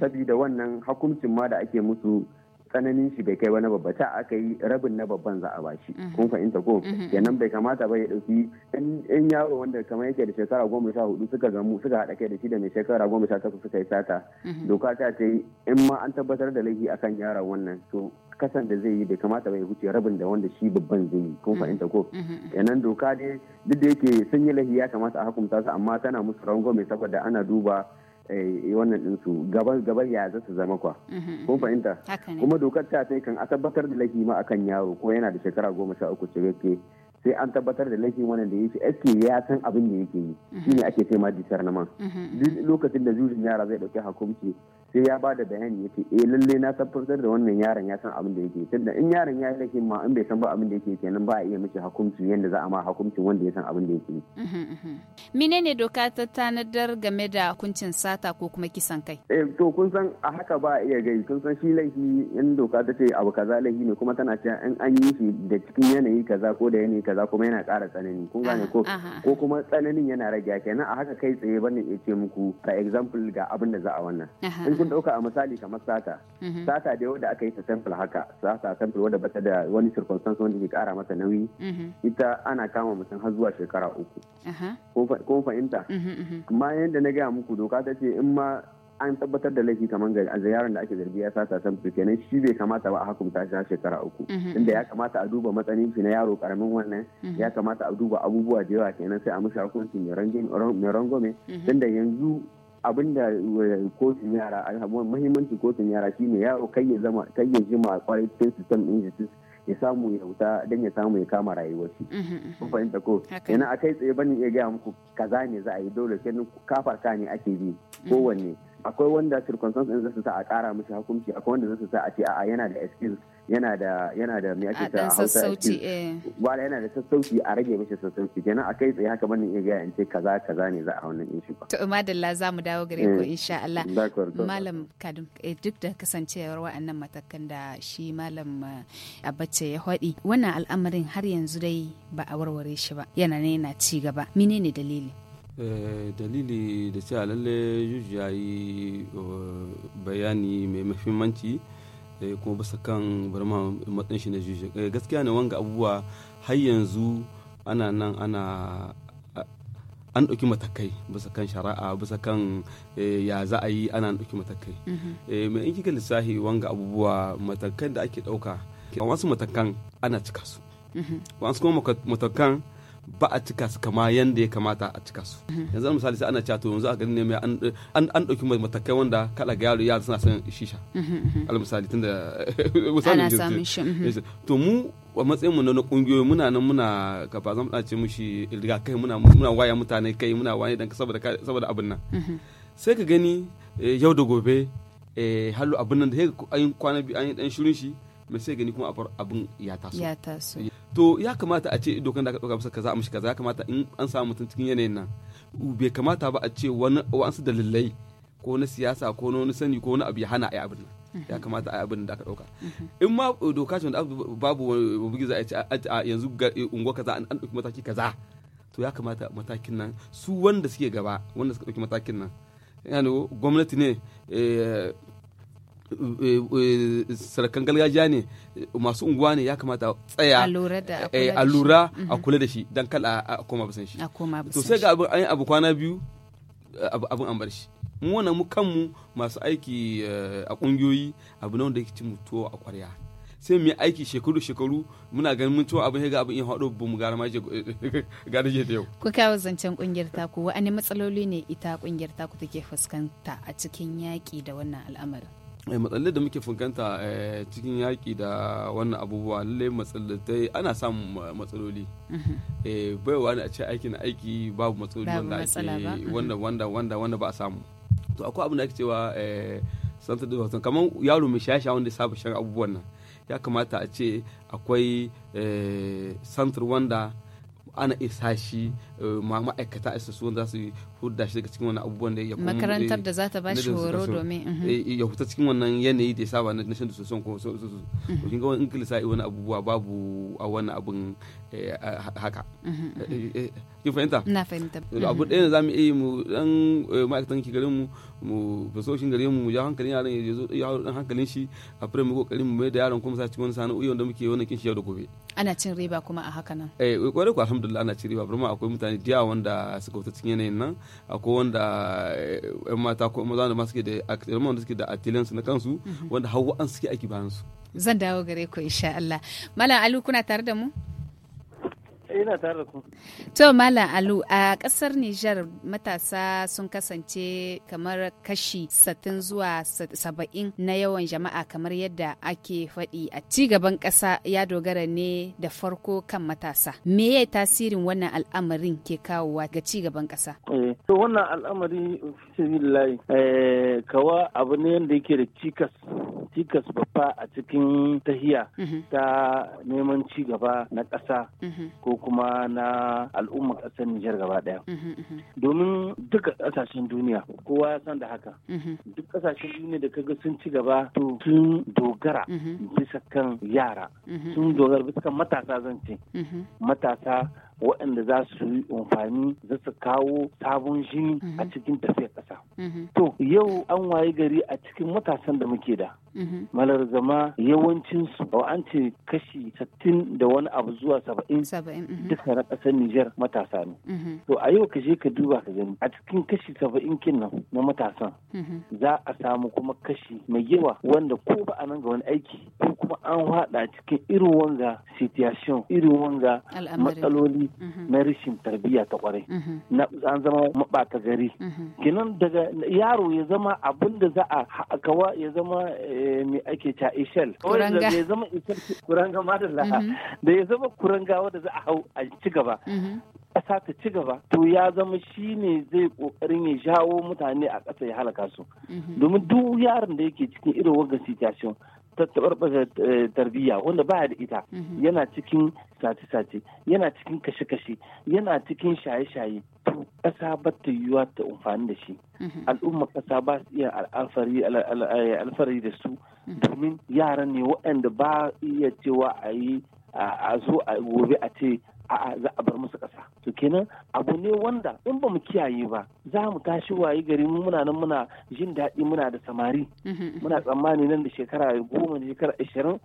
Speaker 3: sabida wannan hukuncin ma da ake musu tsananin shi bai kai wani babba ta aka yi rabin na babban za a bashi mm-hmm. kun fahimta ko mm-hmm. Mm-hmm. kenan bai kamata ba ya dauki in yaro wanda kamar yake da shekara goma sha hudu suka gamu suka haɗa kai da shi da mai shekara goma sha takwas suka yi sata doka ta ce in ma an tabbatar da laifi akan yaron wannan to kasan da zai yi bai kamata bai huce rabin da wanda shi babban zai yi kun fahimta ko yanan doka dai duk da yake sun yi laifi ya kamata a hukunta su amma tana musu rangwame saboda ana duba Eh, eh, wannan din su gaban gaban ya za su zama kwa mm-hmm. kun fahimta kuma dokar ta sai kan a tabbatar da laifi ma akan yaro ko yana da shekara goma sha uku cikakke sai an tabbatar da laifin wannan da ya shi ya san abin da yake yi mhm. shine ake ce ma mhm. duk lokacin da jurin yara zai dauki hukunci sai ya bada bayani ya ce eh lalle na tabbatar da wannan yaron ya san abin da yake tunda in yaron ya laifin ma in bai san ba abin da yake kenan ba a iya miki hukunci yanda za a ma hukuncin wanda ya san abin da yake
Speaker 1: mhm, menene doka ta tanadar game da hukuncin sata ko kuma kisan kai
Speaker 3: eh to kun san a haka ba a iya gai kun san shi laifi in doka ta ce abu kaza laifi ne kuma tana cewa in an yi shi da cikin yanayi kaza ko da yanayi kaza kuma yana ƙara tsanani kun gane ko ko kuma tsananin yana rage kenan a haka kai tsaye bane ya ce muku ta example ga abin da za a wannan in kun dauka a misali kamar sata mhm. sata da wanda aka yi ta sample haka sata sample wanda bata da wani circumstance wanda ke kara masa nauyi mhm. ita ana kama mutum har zuwa shekara
Speaker 5: uku ko fahimta mhm,
Speaker 3: amma yanda na gaya muku doka ta ce in ma an tabbatar da laifi kamar ga ziyarar da ake zargi ya sata san kenan shi bai kamata ba a hukunta shi shekara uku inda mhm, mhm. ya kamata a duba matsayin shi na yaro karamin wannan mhm. ya kamata a duba abubuwa da yawa kenan sai a musu hukunci mai rangwame tunda yanzu abin da eh, kotun yara mahimmanci kotun yara shine yaro kai ya zama kai ya jima kwarai cikin system din ya samu ya wuta don ya samu ya kama rayuwar shi kun fahimta ko yana a kai tsaye bani iya gaya muku kaza ne za a yi dole sai kafarka ne ake bi kowanne akwai wanda circumstance ɗin zasu sa a kara musu hukunci akwai wanda zasu sa a ce a'a yana da excuse yana da yana da me ake ta ah, hausa eh. wala yana da sassauci a rage mishi sassauci kenan a kai tsaye haka bane in ga yance kaza kaza ne za a wannan issue ba
Speaker 1: to madalla za mu dawo gare ku eh, insha Allah malam kadum eh, duk da kasancewar wa'annan matakan da shi malam abace ya hadi wannan al'amarin har yanzu dai ba a warware shi ba yana ne yana ci gaba menene dalili
Speaker 4: Eh, dalili da cewa lalle yuji ya yi eh, bayani mai mahimmanci eh, kuma basa kan barma matsayin shi na juji gaskiya ne wanga abubuwa har yanzu ana nan ana an ɗauki matakai bisa kan shari'a bisa kan ya za a yi ana ɗauki matakai mai mhm. in kika lissahi wanga abubuwa matakan da ake ɗauka wasu matakan ana cika su mhm. wasu kuma matakan ba a cika su kama yadda ya kamata a cika su mhm. yanzu misali sai ana cato yanzu a garin ne mai an dauki matakai wanda kala ga yaro yaro suna son shisha mhm, mhm. al misali tunda <laughs> ana samun shi to mu a matsayin mu na kungiyoyi muna nan muna kafa zan ce mushi kai muna muna waya mutane kai muna waye dan saboda saboda abin nan sai ka gani eh, yau da gobe eh, hallo abin nan da ayin kwana bi an yi dan shirin shi mai sai gani kuma abin ya taso ya taso to ya kamata a ce dokan da aka ɗauka bisa kaza a mishi kaza ya kamata in an samu mutum cikin yanayin nan bai kamata ba a ce wani wasu dalilai ko na siyasa ko na wani sani ko wani abu ya hana a yi abin nan mhm. ya kamata a yi abin da aka ɗauka mhm. in ma uh, doka ce wanda babu wani za a ce yanzu eh, unguwa kaza an ɗauki mataki kaza to ya kamata matakin nan su wanda suke gaba wanda suka ɗauki matakin nan yani gwamnati ne eh, sarakan gargajiya ne masu unguwa ne ya kamata tsaya a lura a eh, mhm. kula da shi don kal a koma bisan shi to sai ga abin an yi abu kwana biyu abin an bar shi mu wannan mu kanmu masu aiki eh, a kungiyoyi abu na wanda yake mutuwa a kwarya sai mu yi aiki shekaru shekaru muna ganin mun cewa abin ga abin ya haɗo ba mu gara ma <laughs> garaje da yau
Speaker 1: ku kawo zancen kungiyar taku wa'ani matsaloli ne ita kungiyar taku take fuskanta a cikin yaƙi da wannan al'amarin
Speaker 4: Eh, matsalolin da muke funkanta eh, cikin yaƙi da wannan abubuwa lallai matsalatai ana samun matsaloli mhm. eh, baiwa ne a ce aikin aiki babu matsaloli wanda ake mhm. wanda wanda wanda wanda ba a samu to akwai abin da ake cewa santa da wasan kamar yaro mai shasha wanda ya saba shan abubuwan nan ya kamata a ce akwai santar wanda ana isa shi eh, ma ma'aikata isa su za su hudda shi daga cikin wannan abubuwan da ya kuma makarantar eh, da za ta ba shi horo domin mhm. eh, ya huta cikin wannan yanayi da ya saba na shan dusu son kuma so so mhm. kin ga wani inkilisa wani abubuwa babu a wannan abun haka mhm, kin fahimta na fahimta abu ɗaya da mu iya mu dan ma'aikatan ki garin mu mu shi gare mu ja hankalin yaron ya zo ya dan hankalin shi a fure mu kokarin mu mai da yaron kuma sa cikin wani sana'o'i wanda muke wani kin shi yau da gobe
Speaker 1: ana cin riba kuma a haka nan
Speaker 4: eh kwarai ku alhamdulillah ana cin riba amma akwai mutane da yawa wanda suka fita cikin yanayin nan akwai wanda eh, yan mata ko maza da suke da wanda suke da atilan su na kansu mhm. wanda hawa an suke aiki
Speaker 2: bayan su
Speaker 1: zan dawo gare ku insha Allah malam alu kuna tare da mu
Speaker 2: Ina tare ku.
Speaker 1: To Malam Alu a kasar Nijar matasa sun kasance kamar kashi satin zuwa saba'in na yawan jama'a kamar yadda ake faɗi a ci gaban ƙasa ya dogara ne da farko kan matasa. Me ya tasirin wannan al'amarin ke kawowa ga ci gaban ƙasa?
Speaker 2: Eh, to wannan al'amari fisabilillahi eh, kawa abu ne yadda yake da cikas cikas babba a cikin tahiya mhm. ta neman ci gaba na ƙasa mhm. ko kuma na al'ummar ƙasar Nijar gaba ɗaya. Mhm, mhm. Domin duka ƙasashen duniya kowa ya san da haka. Mhm. Duk ƙasashen duniya da kaga sun ci gaba to sun dogara bisa kan yara. Sun dogara bisa kan matasa zan Matasa waɗanda za su yi amfani za su kawo sabon jini a mhm. cikin tafiyar ƙasa. Mhm. To yau an waye gari a cikin matasan da muke da. Mhm. Malar zama yawancin su an ce kashi sattin da wani abu zuwa saba'in duka na ƙasar Nijar matasa ne. To a yau ka je ka duba ka gani a cikin kashi saba'in kin na matasan za a samu kuma kashi mai yawa wanda ko ba a nan ga wani aiki ko kuma an haɗa cikin irin wanga situation irin wanga
Speaker 5: matsaloli
Speaker 2: na rishin tarbiyya ta kwarai na an zama mabata gari kinan daga yaro ya zama abin da za a kawa ya zama eh, me ake ta ishel kuranga ya zama ishel mhm. da ya zama kuranga da za a hau a ci gaba mhm. ƙasa ta ci gaba to ya zama shi ne zai ƙoƙarin ya jawo mutane a ƙasa ya halaka su mhm. domin duk yaron da yake cikin irin wanga situation tattabarbaza eh, tarbiyya wanda baya da ita mhm. yana cikin sace-sace yana cikin kashe-kashe yana cikin shaye-shaye to kasa ba ta yiwuwa ta amfani da shi mhm. al'umma ƙasa ba su iya eh, alfari da su mhm. domin yara ne waɗanda ba iya cewa a yi a zo a gobe a ce a'a za a bar musu ƙasa to kenan abu ne wanda in ba mu kiyaye ba za mu tashi waye gari mu muna nan muna jin daɗi muna da samari mm-hmm. muna tsammani nan da shekara goma da shekara ashirin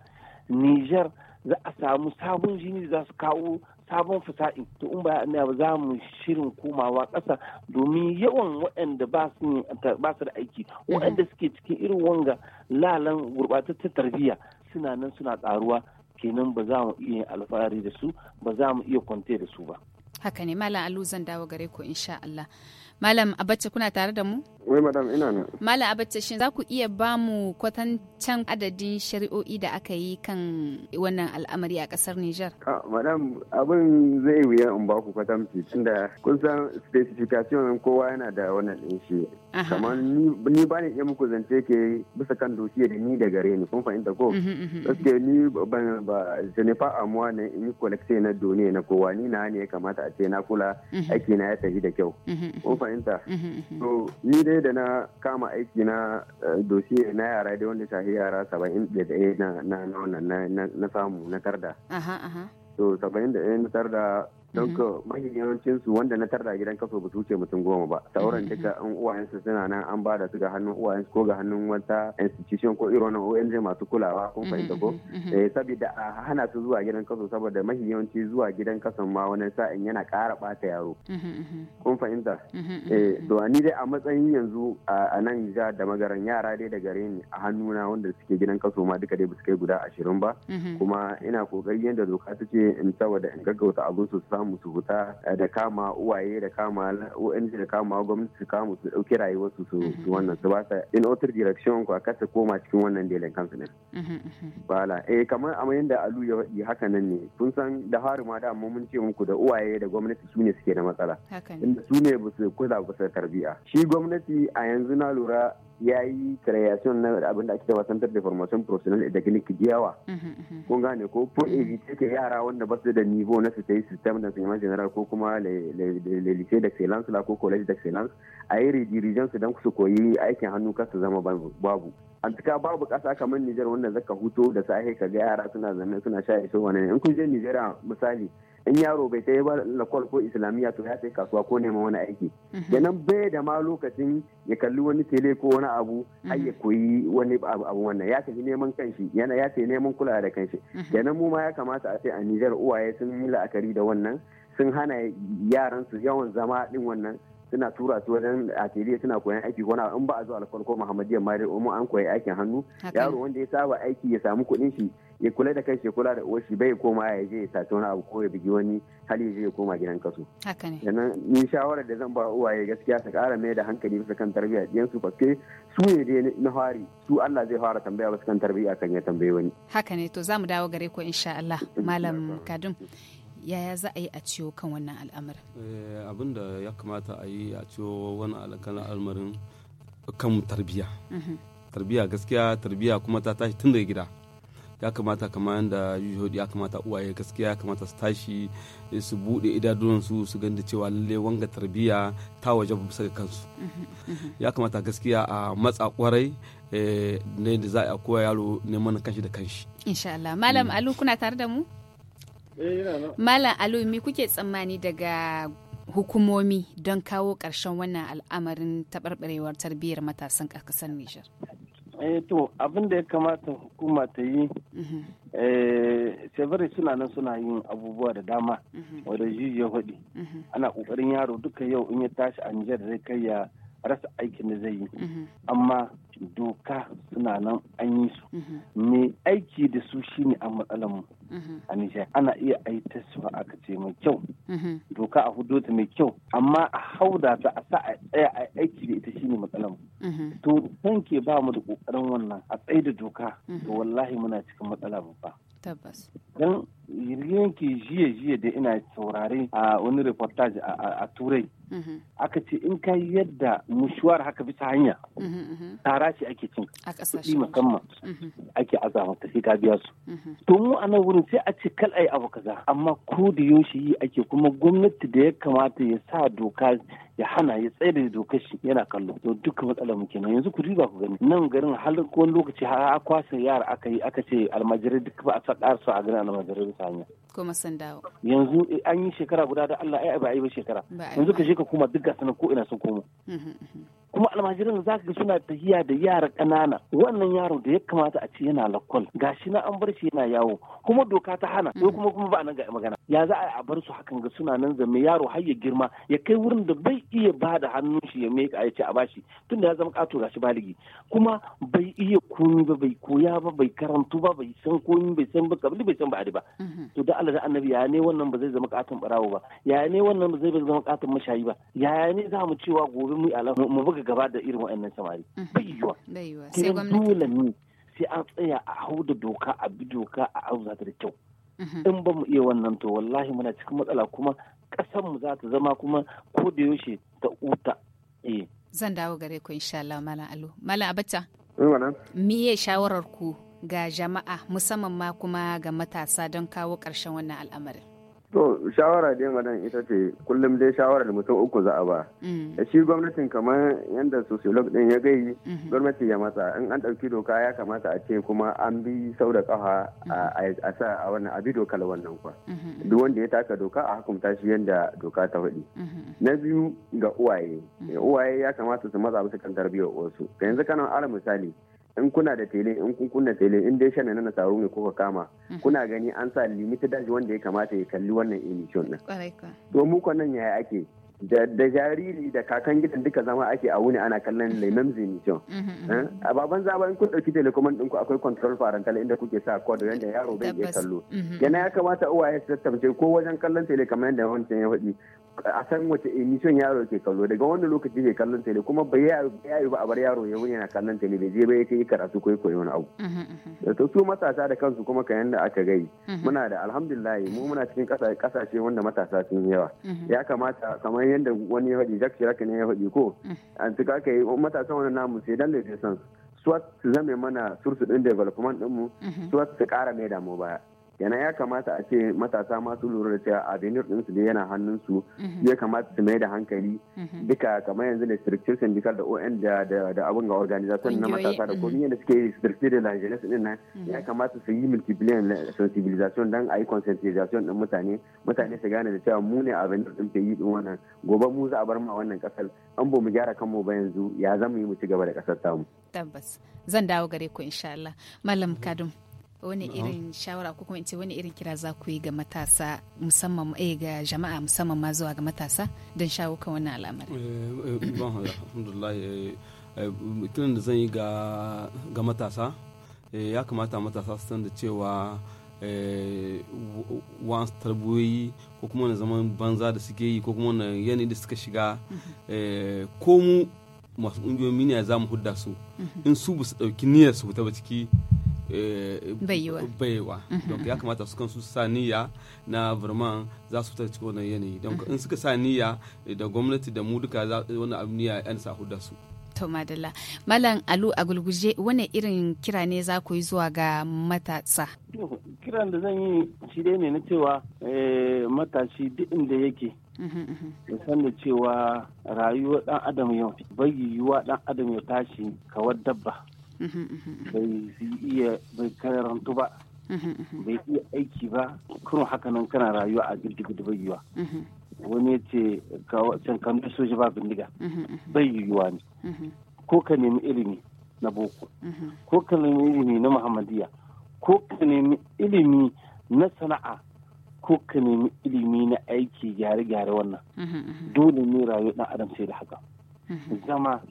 Speaker 2: Nijar za a samu sabon jini za su kawo sabon fasa'i to in ba ba za mu shirin komawa ƙasa domin yawan waɗanda ba su da aiki mm-hmm. waɗanda suke cikin irin wanga lalan gurɓatattar tarbiyya suna nan suna ƙaruwa kenan ba za mu iya alfahari da su ba za mu iya kwante da su ba
Speaker 1: haka ne malam alu zan dawo gare ku insha Allah Malam Abacha kuna tare da mu?
Speaker 3: Wai madam ina nan.
Speaker 1: Malam Abacha shin za ku iya ba mu kwatancan adadin shari'o'i da aka yi kan wannan al'amari a kasar Nijar?
Speaker 3: Ah, madam abin zai wuya in ba ku kwatanci tunda kun san specification kowa yana da wannan din shi. Kamar ni ba ni iya muku zance ke bisa kan doki da ni da gare ni kun fahimta ko? Mhm, mhm, mhm. Gaske ni ban ba je ne fa amuwa ne in yi collecte na duniya na kowa ni na ne ya kamata a ce na kula aiki na ya tafi da kyau. Kun fahimta
Speaker 5: mhm, mhm. to
Speaker 3: ni dai da na kama aiki na eh, dosiye na yara dai wanda shahi yara saba'in da ɗaya na wannan na samu na tarda to saba'in da ɗaya na tarda don mm-hmm. ka mafi yawancin su wanda na tarda gidan kaso ba su wuce mutum goma ba sauran mm-hmm. duka an uwayensu suna nan an ba da su ga hannun uwayensu ko ga hannun wata institution ko irin ONG masu kulawa kun mm-hmm, fahimta ko eh, saboda a hana su zuwa gidan kaso saboda mafi yawanci zuwa gidan kaso ma wani sa'in yana kara ɓata yaro kun fahimta eh, to ni dai a matsayin yanzu a nan ja da magaran yara dai da gare ni a hannuna wanda suke gidan kaso ma duka dai ba su kai guda ashirin ba kuma ina kokari yadda doka ta ce in saboda in gaggauta abin su samu samu su fita eh, da kama uwaye da kama ONG da kama gwamnati su kama su dauki rayuwarsu su su mhm. wannan su ba ta in other direction ko aka ta koma cikin wannan delen kansu ne bala mhm, mhm. eh kamar amma da Alu ya faɗi haka nan ne kun san da hari ma da amma mun ce muku da uwaye da gwamnati su ne suke da matsala inda su ne ba su kula ba su tarbiya shi gwamnati a yanzu na lura ya yi creation na abin da ake cewa center de formation professional da clinic kijiyawa mhm, mhm. kun gane ko pour mhm. ce ke yara wanda ba su da niveau na su ta yi system da sinima general ko kuma le da d'excellence la ko college d'excellence a yi rijiyar su don su koyi aikin hannu kar su zama babu an tuka babu kasa kamar Nijar wanda zaka hutu da sahe ka ga yara suna zanne suna sha iso wani in kun je Nijar misali in yaro bai sai ba lakwal ko islamiyya to ya sai kasuwa ko neman wani aiki kenan mhm. bai da ma lokacin ya kalli wani tele ko wani abu har ya mhm. koyi wani abu wannan ya tafi neman kanshi yana ya tafi neman kulawa da kanshi kenan mhm. mu ma ya kamata a ce a Nijar uwaye sun yi la'akari da wannan sun hana yaran su yawan zama din wannan suna tura su wajen tele suna koyan aiki ko in ba a zuwa alfarko muhammadiyya ma dai an koyi aikin hannu yaro wanda ya saba aiki ya samu kuɗin shi ya kula da kai kula da shi bai koma ya je ya sace wani abu ko ya bigi wani hali je ya koma gidan kaso haka ne sannan ni shawarar da zan ba uwaye gaskiya ta kara mai da hankali bisa kan tarbiyya ɗiyan su faske su ne dai na fari su Allah zai fara tambaya bisa kan tarbiyya kan ya tambaye wani
Speaker 1: haka ne to mu dawo gare ku insha Allah malam kadun yaya za a yi a ciwo kan wannan al'amarin
Speaker 4: eh, abin da ya kamata a yi a ciwo wani al'amarin kan tarbiyya mhm. tarbiyya gaskiya tarbiyya kuma ta tashi tun da gida ya kamata kama yadda yuhudi ya kamata uwaye gaskiya ya kamata su tashi su bude idanunsu su ganda cewa lalle wanga tarbiyya ta waje bisa ga kansu <laughs> ya kamata gaskiya a matsa kwarai eh, ne da za a koya yaro neman kanshi da
Speaker 1: kanshi insha Allah malam mm. alu kuna tare da mu eh, malam alu me kuke tsammani daga hukumomi don kawo ƙarshen wannan al'amarin taɓarɓarewar tarbiyyar matasan ƙasar Nijar.
Speaker 2: eh to abin da ya kamata hukuma ta yi mhm. eh, severi suna nan suna yin abubuwa da dama mhm. wadda ji ya
Speaker 5: mhm.
Speaker 2: ana kokarin yaro duka yau in ya tashi a nijar zai kai ya rasa aikin da zai yi mhm. amma doka suna nan an yi su mhm. me aiki da su shine a mu mhm. a nijar ana iya a yi tasfa aka ce mai kyau doka a hudu ta mai kyau amma a da ta a sa a tsaya a aiki da ita shine mu to san ke ba mu da kokarin wannan a tsaye da doka to wallahi muna cikin matsala mu ba
Speaker 1: tabbas dan
Speaker 2: yanki jiya jiya da ina saurare a wani reportage a turai mhm. aka ce in ka yadda mushuwar haka bisa hanya mhm, mhm. tara ce ake cin kuɗi musamman ake azama ta sai ka biya su to mu a nan wurin sai a ce kal ai abu kaza amma ko da yaushe yi ake kuma gwamnati da ya kamata ya sa doka ya hana ya tsaye da dokar shi yana kallo to duk matsalar mu kenan yanzu ku duba ku gani nan garin har wani lokaci har a kwasa yara aka yi aka ce almajirai duk ba a sa a garin almajirai bisa hanya
Speaker 1: ko sun dawo
Speaker 2: yanzu eh, an yi shekara guda da Allah ai ba yi ba shekara yanzu ka je ka koma duk gasu ko ina sun komo mhm, mhm. kuma almajiran za ka ga suna tahiya da yara ƙanana wannan yaro da ya kamata a ce yana lakwal gashi na an bar shi yana yawo kuma doka ta hana ko kuma kuma ba nan ga magana ya za a bar su hakan ga suna nan zame yaro har ya girma ya kai wurin da bai iya ba da hannun shi ya mai ya ce a bashi tunda ya zama kato gashi baligi kuma bai iya komi ba bai koya ba bai karantu ba bai san komi bai san ba bai san ba ba mhm. to da Allah da annabi ya ne wannan ba zai zama katin barawo ba ya ne wannan ba zai zama katin mashayi ba ya ne za mu cewa gobe mu ala mu buga gaba da irin wa'annan samari mhm. bai yiwa
Speaker 5: sai dole
Speaker 2: ne sai an tsaya a hau da doka a bi doka a auza da kyau mhm. in ba mu iya wannan to wallahi muna cikin matsala kuma kasan mu za ta zama kuma ko da yaushe ta uta eh.
Speaker 1: zan dawo gare ku insha Allah malam alu malam abata eh, me shawarar ku ga jama'a musamman ma kuma ga matasa don kawo ƙarshen wannan al'amarin?
Speaker 3: To shawara dai madan ita ce kullum dai shawarar mutum uku za a ba. Mm. shi gwamnatin kamar yadda sociolog din ya gai mm-hmm. gwamnati ya matsa in an ɗauki doka ya kamata a ce kuma an bi sau da ƙafa a sa a wannan abi dokar wannan kwa. Mm-hmm. Duk wanda ya taka doka a hukunta shi yadda doka ta faɗi. Mm-hmm. Na biyu ga uwaye. Uwaye ya kamata su matsa bisa kan tarbiyyar wasu. Ka yanzu kana ala misali. in kuna da tele in kun kunna tele in dai shan na taro ne kuka kama mm. kuna gani an sa limited daji wanda ya kamata ya kalli wannan emission din to mu yaya ake da jariri da kakan gidan duka zama ake a wuni ana kallon lemon zinijon
Speaker 5: mm-hmm, mm-hmm.
Speaker 3: eh, a baban in kun ɗauki telekoman ɗinku akwai control parental inda kuke sa kod yadda yaro bai iya kallo mm-hmm. yana ya kamata uwaye su tattace ko wajen kallon tele kamar yadda wancan ya faɗi a san wace emission yaro ke kallo daga wani lokaci ke kallon tele kuma bai yi ba a bar yaro ya wuni yana kallon tele bai je ba yake yi karatu ko koyi wani
Speaker 5: abu
Speaker 3: to su matasa da kansu kuma kayan yanda aka gai muna da alhamdulillah mu muna cikin kasashe wanda matasa
Speaker 5: sun yawa ya
Speaker 3: kamata kamar kamar yadda wani ya faɗi jack raka ne ya faɗi ko mm. an tuka aka yi matasan wani namu sai dan da san su zame mana sursu ɗin development ɗinmu mu mm-hmm. su ƙara mai damu baya yana ya kamata a ce matasa masu lura da cewa avenir ɗinsu da yana hannunsu mhm. ya kamata su mai da hankali
Speaker 5: mhm. duka
Speaker 3: kamar yanzu da structure syndical da on da abin ga organization na matasa da mhm. komi yadda suke structure da langeles ɗin nan ya kamata su yi multiplayer sensibilization don a yi conscientization ɗin mutane mutane su gane da cewa mu ne avenir ɗin ke yi ɗin wannan gobe mu za a bar ma wannan ƙasar an bo mu gyara kanmu ba yanzu ya zama yi mu ci gaba da ƙasar tamu.
Speaker 1: tabbas zan dawo gare ku insha Allah malam kadum. wani irin shawara ko kuma in ce wani irin kira za ku yi ga matasa musamman eh ga jama'a musamman ma zuwa ga matasa don shawo kan wannan al'amari
Speaker 4: eh, eh, alhamdulillah eh, kiran da zan yi ga matasa ya kamata matasa su san da cewa wani tarbiyoyi ko kuma wani zaman banza da suke yi ko kuma wani yanayi da suka shiga mhm. ko mu masu ungiyoyin miniya za mu hudda su mhm. in su ba su ɗauki niyyar su ta ba ciki Eh, baiwa mhm. don ya kamata su kansu sa niyya na vermont za su ta cikin wannan yanayi don mhm. in suka sa niyya da gwamnati da mu duka wani abu niyya yan sahu da su
Speaker 1: to madalla malam alu a gulguje wani irin kira ne za ku yi zuwa ga matasa
Speaker 2: kiran da zan yi shi dai ne na cewa eh, matashi duk inda yake mhm, ya san da cewa rayuwar dan adam yau bai yiwuwa dan adam ya tashi kawar dabba bai iya bai karantu ba bai iya aiki ba kuma hakanan kana rayuwa a da bai yiwa wani ya ce can kamar soji ba bindiga bai yiwuwa ne ko ka nemi ilimi na boko ko ka nemi ilimi na muhammadiya ko ka nemi ilimi na sana'a ko ka nemi ilimi na aiki gyare-gyare wannan dole ne rayuwa dan adam sai da haka zama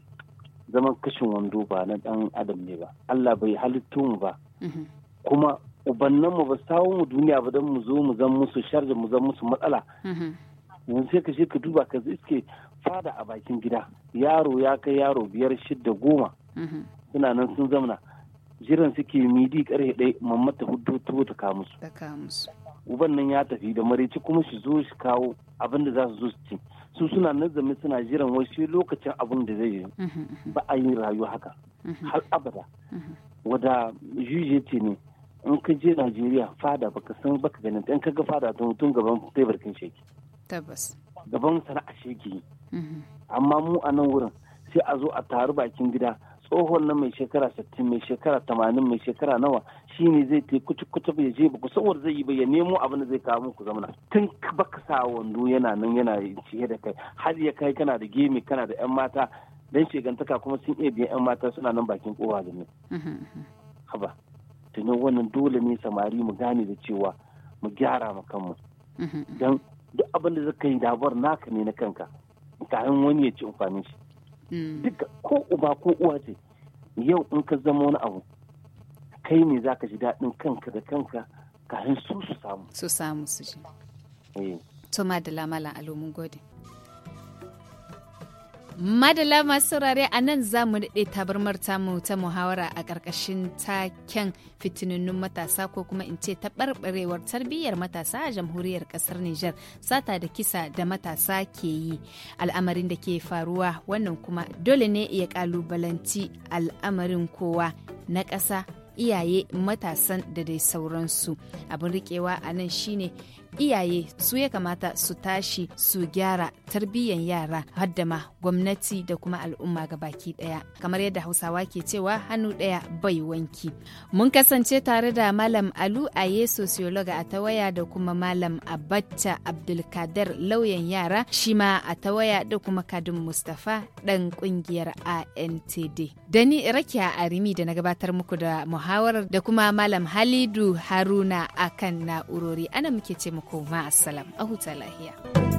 Speaker 2: zaman kashin wando ba na dan adam ne ba Allah bai halittu mu ba mhm. kuma ubannan mu ba sawo mu duniya ba don mu zo mu zan musu sharja mu zan musu matsala mhm. yanzu sai ka je ka duba ka iske fada a bakin gida yaro ya kai yaro biyar shidda goma mhm. suna nan sun zamana jiran suke midi karhe ɗaya mamman ta hudu ta kamusu uban nan ya tafi da maraice kuma su zo su kawo abin da za su zo su ci su suna nazami suna jiran wasu lokacin abin da zai yi mm-hmm. ba a yi rayuwa haka mm-hmm. har abada mm-hmm. wada juje ce ne in ka je najeriya fada baka san baka ganin in ka ga fada tun tun gaban teburkin sheki tabbas gaban sana'a sheki amma mu a nan wurin sai a zo a taru bakin gida tsohon nan mai shekara 60 mai shekara 80 mai shekara nawa shine zai ta kuci kuci ya je ba kusawar zai yi ba ya nemo abin da zai kawo muku zamana tun baka sa wando yana nan yana ciye da kai har ya kai kana da gemi kana da yan mata dan shegantaka kuma sun iya biyan yan mata suna nan bakin kowa da ni. Mm-hmm. haba tunan wannan dole ne samari mu gane da cewa mu gyara mu kanmu mm-hmm. don duk abin da zaka yi dabar naka ne na kanka kayan wani ya ci amfanin shi Mm. duk ko uba ko uwa ce yau in ka zama wani abu kai ne za ka ji daɗin
Speaker 1: kanka da kanka kafin su su samu su samu su ji eh. to madalla malam alomin gode Madala masu saurare a nan za mu daɗe tabarmar mu ta muhawara a ƙarƙashin taken fitinunnun matasa ko kuma in ce taɓarɓarewar tarbiyyar matasa a jamhuriyar ƙasar Nijar sata da kisa da matasa ke yi al'amarin da ke faruwa wannan kuma dole ne ya ƙalubalanci al'amarin kowa na ƙasa iyaye matasan da dai sauransu abin riƙewa a nan shine iyaye su ya kamata su tashi su gyara tarbiyyar yara hadda ma gwamnati da kuma al'umma ga baki daya kamar yadda hausawa ke cewa hannu daya bai wanki mun kasance tare da malam alu aye sociologa a tawaya da kuma malam abacha abdulkader lauyan yara shi ma a tawaya da kuma kadin mustafa dan kungiyar antd da ni rakiya arimi da na gabatar muku da muhawarar da kuma malam halidu haruna akan na'urori ana muke ce muku koma asalam a huta lahiya.